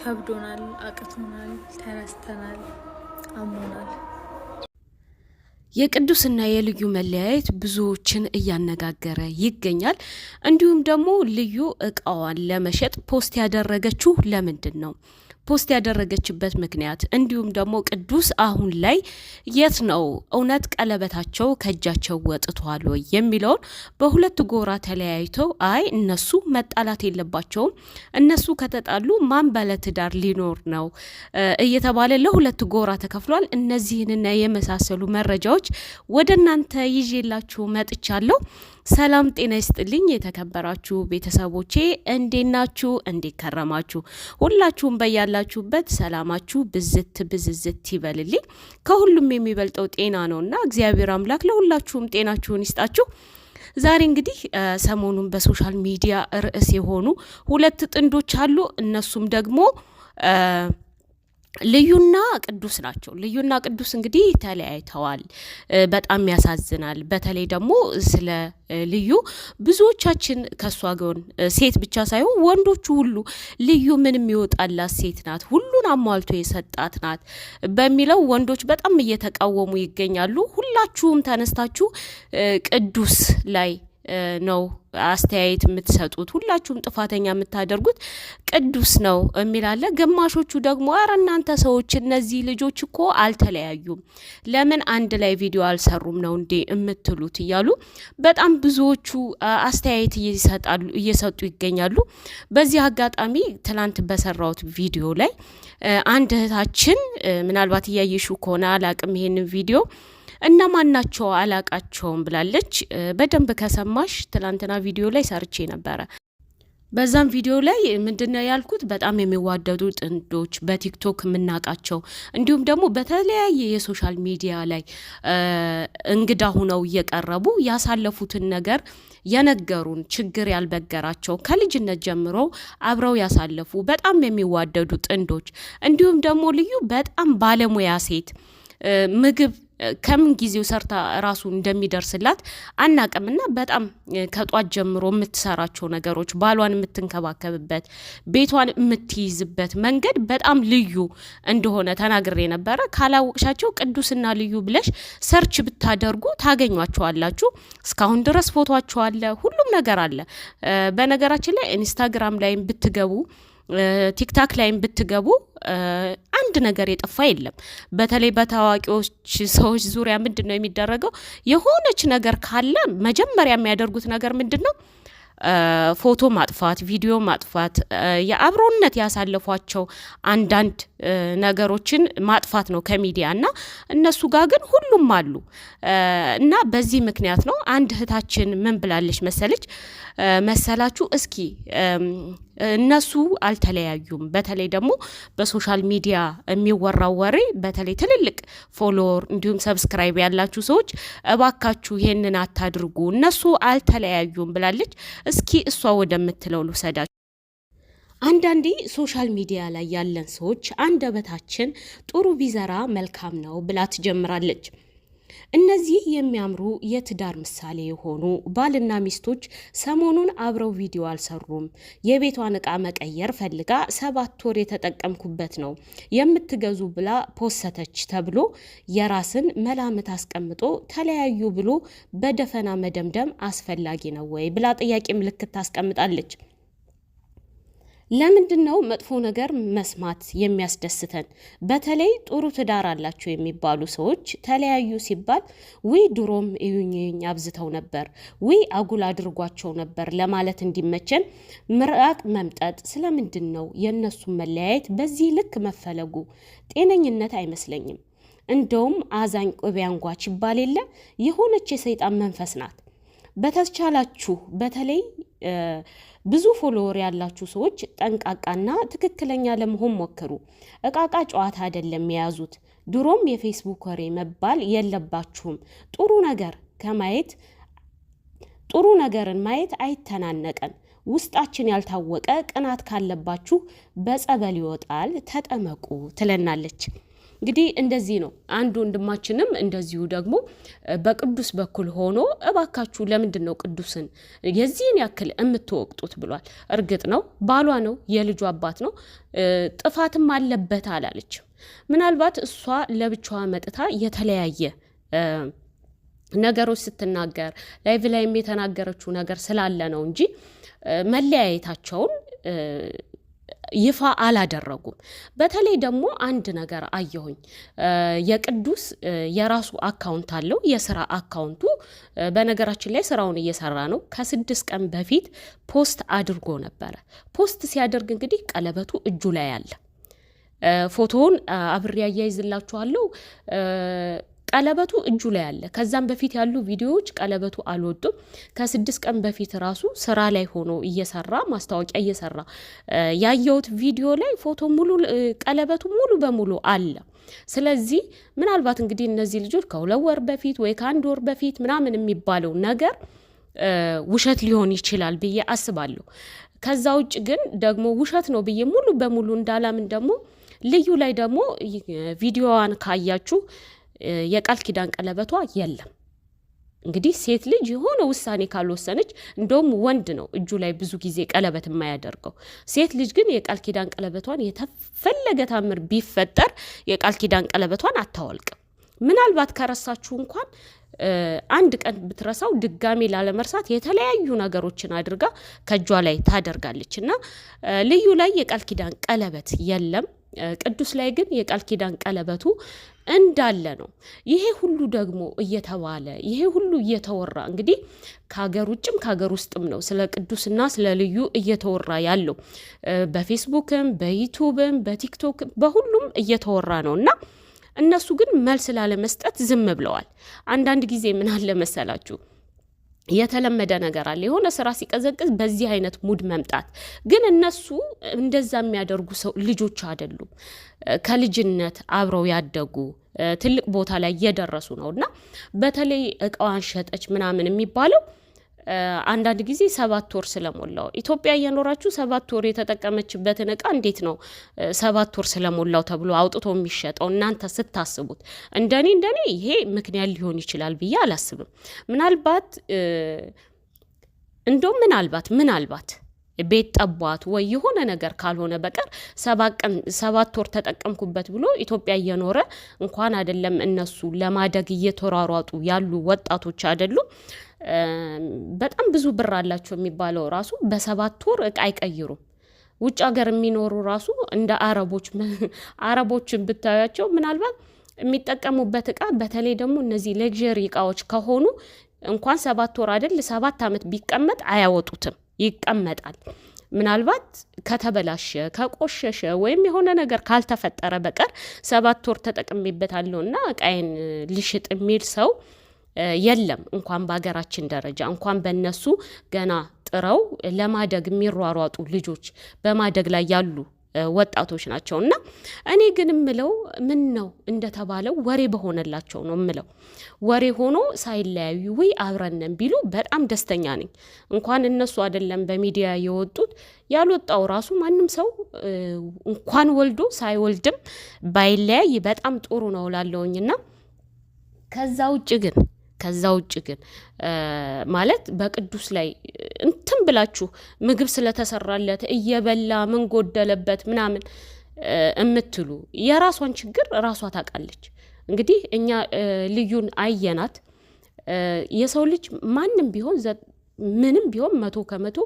ከብዶናል፣ አቅቶናል፣ ተረስተናል፣ አሞናል። የቅዱስና የልዩ መለያየት ብዙዎችን እያነጋገረ ይገኛል። እንዲሁም ደግሞ ልዩ እቃዋን ለመሸጥ ፖስት ያደረገችው ለምንድን ነው? ፖስት ያደረገችበት ምክንያት እንዲሁም ደግሞ ቅዱስ አሁን ላይ የት ነው እውነት ቀለበታቸው ከእጃቸው ወጥቷል ወይ የሚለውን በሁለት ጎራ ተለያይተው አይ እነሱ መጣላት የለባቸውም እነሱ ከተጣሉ ማን ባለትዳር ሊኖር ነው እየተባለ ለሁለት ጎራ ተከፍሏል። እነዚህንና የመሳሰሉ መረጃዎች ወደ እናንተ ይዤላችሁ መጥቻለሁ። ሰላም ጤና ይስጥልኝ የተከበራችሁ ቤተሰቦቼ እንዴት ናችሁ? እንዴት ከረማችሁ? ሁላችሁም በያላችሁበት ሰላማችሁ ብዝት ብዝዝት ይበልልኝ። ከሁሉም የሚበልጠው ጤና እና እግዚአብሔር አምላክ ለሁላችሁም ጤናችሁን ይስጣችሁ። ዛሬ እንግዲህ ሰሞኑን በሶሻል ሚዲያ ርዕስ የሆኑ ሁለት ጥንዶች አሉ። እነሱም ደግሞ ልዩና ቅዱስ ናቸው። ልዩና ቅዱስ እንግዲህ ተለያይተዋል። በጣም ያሳዝናል። በተለይ ደግሞ ስለ ልዩ ብዙዎቻችን ከእሷ ጎን ሴት ብቻ ሳይሆን ወንዶቹ ሁሉ ልዩ ምንም ይወጣላት ሴት ናት፣ ሁሉን አሟልቶ የሰጣት ናት በሚለው ወንዶች በጣም እየተቃወሙ ይገኛሉ። ሁላችሁም ተነስታችሁ ቅዱስ ላይ ነው አስተያየት የምትሰጡት፣ ሁላችሁም ጥፋተኛ የምታደርጉት ቅዱስ ነው የሚላለ። ግማሾቹ ደግሞ አረ እናንተ ሰዎች እነዚህ ልጆች እኮ አልተለያዩም፣ ለምን አንድ ላይ ቪዲዮ አልሰሩም ነው እንዴ የምትሉት እያሉ በጣም ብዙዎቹ አስተያየት እየሰጡ ይገኛሉ። በዚህ አጋጣሚ ትናንት በሰራሁት ቪዲዮ ላይ አንድ እህታችን ምናልባት እያየሹ ከሆነ አላቅም ይሄንን ቪዲዮ እና ማናቸው አላቃቸውም ብላለች። በደንብ ከሰማሽ ትላንትና ቪዲዮ ላይ ሰርቼ ነበረ። በዛም ቪዲዮ ላይ ምንድነው ያልኩት? በጣም የሚዋደዱ ጥንዶች በቲክቶክ የምናውቃቸው እንዲሁም ደግሞ በተለያየ የሶሻል ሚዲያ ላይ እንግዳ ሁነው እየቀረቡ ያሳለፉትን ነገር የነገሩን ችግር ያልበገራቸው ከልጅነት ጀምሮ አብረው ያሳለፉ በጣም የሚዋደዱ ጥንዶች እንዲሁም ደግሞ ልዩ በጣም ባለሙያ ሴት ምግብ ከምን ጊዜው ሰርታ ራሱ እንደሚደርስላት አናቅምና በጣም ከጧት ጀምሮ የምትሰራቸው ነገሮች ባሏን የምትንከባከብበት ቤቷን የምትይዝበት መንገድ በጣም ልዩ እንደሆነ ተናግሬ ነበረ። ካላወቅሻቸው ቅዱስና ልዩ ብለሽ ሰርች ብታደርጉ ታገኟቸዋላችሁ። እስካሁን ድረስ ፎቶቸው አለ፣ ሁሉም ነገር አለ። በነገራችን ላይ ኢንስታግራም ላይም ብትገቡ ቲክታክ ላይም ብትገቡ አንድ ነገር የጠፋ የለም። በተለይ በታዋቂዎች ሰዎች ዙሪያ ምንድን ነው የሚደረገው? የሆነች ነገር ካለ መጀመሪያ የሚያደርጉት ነገር ምንድን ነው? ፎቶ ማጥፋት፣ ቪዲዮ ማጥፋት፣ የአብሮነት ያሳለፏቸው አንዳንድ ነገሮችን ማጥፋት ነው ከሚዲያ እና እነሱ ጋር ግን ሁሉም አሉ እና በዚህ ምክንያት ነው አንድ እህታችን ምን ብላለች መሰለች መሰላችሁ እስኪ እነሱ አልተለያዩም። በተለይ ደግሞ በሶሻል ሚዲያ የሚወራው ወሬ በተለይ ትልልቅ ፎሎወር እንዲሁም ሰብስክራይብ ያላችሁ ሰዎች እባካችሁ ይሄንን አታድርጉ፣ እነሱ አልተለያዩም ብላለች። እስኪ እሷ ወደምትለው ልውሰዳችሁ። አንዳንዴ ሶሻል ሚዲያ ላይ ያለን ሰዎች አንደበታችን ጥሩ ቢዘራ መልካም ነው ብላ ትጀምራለች። እነዚህ የሚያምሩ የትዳር ምሳሌ የሆኑ ባልና ሚስቶች ሰሞኑን አብረው ቪዲዮ አልሰሩም። የቤቷን ዕቃ መቀየር ፈልጋ ሰባት ወር የተጠቀምኩበት ነው የምትገዙ ብላ ፖሰተች ተብሎ የራስን መላምት አስቀምጦ ተለያዩ ብሎ በደፈና መደምደም አስፈላጊ ነው ወይ ብላ ጥያቄ ምልክት ታስቀምጣለች። ለምንድን ነው መጥፎ ነገር መስማት የሚያስደስተን? በተለይ ጥሩ ትዳር አላቸው የሚባሉ ሰዎች ተለያዩ ሲባል ውይ ድሮም እዩኝኝ አብዝተው ነበር፣ ውይ አጉል አድርጓቸው ነበር ለማለት እንዲመቸን ምራቅ መምጠጥ ስለምንድን ነው የእነሱን መለያየት በዚህ ልክ መፈለጉ? ጤነኝነት አይመስለኝም። እንደውም አዛኝ ቅቤ አንጓች ይባል የለ የሆነች የሰይጣን መንፈስ ናት። በተቻላችሁ በተለይ ብዙ ፎሎወር ያላችሁ ሰዎች ጠንቃቃና ትክክለኛ ለመሆን ሞክሩ። እቃቃ ጨዋታ አይደለም የያዙት። ድሮም የፌስቡክ ወሬ መባል የለባችሁም። ጥሩ ነገር ከማየት ጥሩ ነገርን ማየት አይተናነቀን። ውስጣችን ያልታወቀ ቅናት ካለባችሁ በጸበል ይወጣል፣ ተጠመቁ ትለናለች። እንግዲህ እንደዚህ ነው። አንድ ወንድማችንም እንደዚሁ ደግሞ በቅዱስ በኩል ሆኖ እባካችሁ ለምንድን ነው ቅዱስን የዚህን ያክል የምትወቅጡት ብሏል። እርግጥ ነው ባሏ ነው፣ የልጁ አባት ነው፣ ጥፋትም አለበት አላለችም። ምናልባት እሷ ለብቻዋ መጥታ የተለያየ ነገሮች ስትናገር ላይቭ ላይም የተናገረችው ነገር ስላለ ነው እንጂ መለያየታቸውን ይፋ አላደረጉም። በተለይ ደግሞ አንድ ነገር አየሁኝ። የቅዱስ የራሱ አካውንት አለው፣ የስራ አካውንቱ። በነገራችን ላይ ስራውን እየሰራ ነው። ከስድስት ቀን በፊት ፖስት አድርጎ ነበረ። ፖስት ሲያደርግ እንግዲህ ቀለበቱ እጁ ላይ አለ። ፎቶውን አብሬ አያይዝላችኋለሁ። ቀለበቱ እጁ ላይ አለ። ከዛም በፊት ያሉ ቪዲዮዎች ቀለበቱ አልወጡም። ከስድስት ቀን በፊት ራሱ ስራ ላይ ሆኖ እየሰራ ማስታወቂያ እየሰራ ያየሁት ቪዲዮ ላይ ፎቶ ሙሉ ቀለበቱ ሙሉ በሙሉ አለ። ስለዚህ ምናልባት እንግዲህ እነዚህ ልጆች ከሁለት ወር በፊት ወይ ከአንድ ወር በፊት ምናምን የሚባለው ነገር ውሸት ሊሆን ይችላል ብዬ አስባለሁ። ከዛ ውጭ ግን ደግሞ ውሸት ነው ብዬ ሙሉ በሙሉ እንዳላምን ደግሞ ልዩ ላይ ደግሞ ቪዲዮዋን ካያችሁ የቃል ኪዳን ቀለበቷ የለም። እንግዲህ ሴት ልጅ የሆነ ውሳኔ ካልወሰነች፣ እንደውም ወንድ ነው እጁ ላይ ብዙ ጊዜ ቀለበት የማያደርገው። ሴት ልጅ ግን የቃል ኪዳን ቀለበቷን የተፈለገ ታምር ቢፈጠር የቃል ኪዳን ቀለበቷን አታወልቅም። ምናልባት ከረሳችሁ እንኳን አንድ ቀን ብትረሳው ድጋሜ ላለመርሳት የተለያዩ ነገሮችን አድርጋ ከእጇ ላይ ታደርጋለች እና ልዩ ላይ የቃል ኪዳን ቀለበት የለም። ቅዱስ ላይ ግን የቃል ኪዳን ቀለበቱ እንዳለ ነው። ይሄ ሁሉ ደግሞ እየተባለ ይሄ ሁሉ እየተወራ እንግዲህ ከሀገር ውጭም ከሀገር ውስጥም ነው ስለ ቅዱስና ስለ ልዩ እየተወራ ያለው በፌስቡክም በዩቱብም በቲክቶክም በሁሉም እየተወራ ነው እና እነሱ ግን መልስ ላለመስጠት ዝም ብለዋል። አንዳንድ ጊዜ ምን አለ መሰላችሁ የተለመደ ነገር አለ። የሆነ ስራ ሲቀዘቅዝ በዚህ አይነት ሙድ መምጣት ግን እነሱ እንደዛ የሚያደርጉ ሰው ልጆች አይደሉም። ከልጅነት አብረው ያደጉ ትልቅ ቦታ ላይ እየደረሱ ነው እና በተለይ እቃዋን ሸጠች ምናምን የሚባለው አንዳንድ ጊዜ ሰባት ወር ስለሞላው ኢትዮጵያ እየኖራችሁ ሰባት ወር የተጠቀመችበትን እቃ እንዴት ነው ሰባት ወር ስለሞላው ተብሎ አውጥቶ የሚሸጠው? እናንተ ስታስቡት እንደኔ እንደኔ ይሄ ምክንያት ሊሆን ይችላል ብዬ አላስብም። ምናልባት እንደውም ምናልባት ምናልባት ቤት ጠቧት ወይ የሆነ ነገር ካልሆነ በቀር ሰባት ወር ተጠቀምኩበት ብሎ ኢትዮጵያ እየኖረ እንኳን አይደለም እነሱ ለማደግ እየተሯሯጡ ያሉ ወጣቶች አይደሉም። በጣም ብዙ ብር አላቸው የሚባለው ራሱ በሰባት ወር እቃ አይቀይሩም። ውጭ ሀገር የሚኖሩ ራሱ እንደ አረቦች አረቦችን ብታያቸው ምናልባት የሚጠቀሙበት እቃ በተለይ ደግሞ እነዚህ ሌግዠሪ እቃዎች ከሆኑ እንኳን ሰባት ወር አይደል ሰባት ዓመት ቢቀመጥ አያወጡትም፣ ይቀመጣል። ምናልባት ከተበላሸ ከቆሸሸ ወይም የሆነ ነገር ካልተፈጠረ በቀር ሰባት ወር ተጠቅሜበታለሁ እና እቃዬን ልሽጥ የሚል ሰው የለም። እንኳን በሀገራችን ደረጃ እንኳን በነሱ ገና ጥረው ለማደግ የሚሯሯጡ ልጆች በማደግ ላይ ያሉ ወጣቶች ናቸው። እና እኔ ግን ምለው ምን ነው እንደተባለው ወሬ በሆነላቸው ነው ምለው። ወሬ ሆኖ ሳይለያዩ ወይ አብረነን ቢሉ በጣም ደስተኛ ነኝ። እንኳን እነሱ አይደለም በሚዲያ የወጡት ያልወጣው ራሱ ማንም ሰው እንኳን ወልዶ ሳይወልድም ባይለያይ በጣም ጥሩ ነው ላለውኝና ከዛ ውጭ ግን ከዛ ውጭ ግን ማለት በቅዱስ ላይ እንትን ብላችሁ ምግብ ስለተሰራለት እየበላ ምን ጎደለበት ምናምን እምትሉ የራሷን ችግር ራሷ ታውቃለች። እንግዲህ እኛ ልዩን አየናት። የሰው ልጅ ማንም ቢሆን ምንም ቢሆን መቶ ከመቶ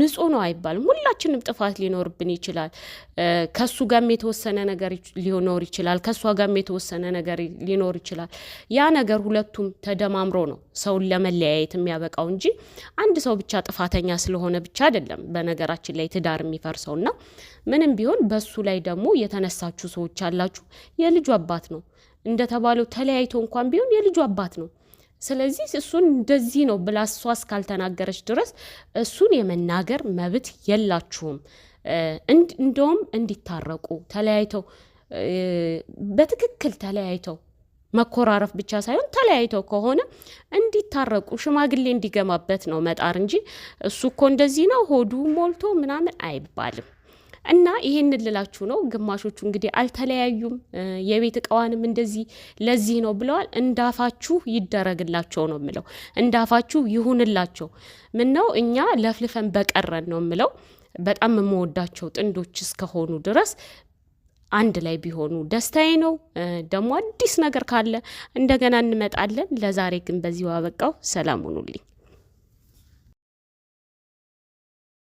ንጹህ ነው አይባልም። ሁላችንም ጥፋት ሊኖርብን ይችላል። ከሱ ጋም የተወሰነ ነገር ሊኖር ይችላል፣ ከእሷ ጋም የተወሰነ ነገር ሊኖር ይችላል። ያ ነገር ሁለቱም ተደማምሮ ነው ሰውን ለመለያየት የሚያበቃው እንጂ አንድ ሰው ብቻ ጥፋተኛ ስለሆነ ብቻ አይደለም። በነገራችን ላይ ትዳር ና ምንም ቢሆን በሱ ላይ ደግሞ የተነሳችሁ ሰዎች አላችሁ። የልጁ አባት ነው እንደተባለው ተለያይቶ እንኳን ቢሆን የልጁ አባት ነው። ስለዚህ እሱን እንደዚህ ነው ብላ እሷ እስካልተናገረች ድረስ እሱን የመናገር መብት የላችሁም። እንደውም እንዲታረቁ ተለያይተው በትክክል ተለያይተው መኮራረፍ ብቻ ሳይሆን ተለያይተው ከሆነ እንዲታረቁ ሽማግሌ እንዲገማበት ነው መጣር እንጂ እሱ እኮ እንደዚህ ነው ሆዱ ሞልቶ ምናምን አይባልም። እና ይሄንን ልላችሁ ነው። ግማሾቹ እንግዲህ አልተለያዩም፣ የቤት እቃዋንም እንደዚህ ለዚህ ነው ብለዋል። እንዳፋችሁ ይደረግላቸው ነው የምለው፣ እንዳፋችሁ ይሁንላቸው። ምን ነው እኛ ለፍልፈን በቀረን ነው የምለው። በጣም የምወዳቸው ጥንዶች እስከሆኑ ድረስ አንድ ላይ ቢሆኑ ደስታዬ ነው። ደግሞ አዲስ ነገር ካለ እንደገና እንመጣለን። ለዛሬ ግን በዚህ አበቃው። ሰላም ሁኑልኝ።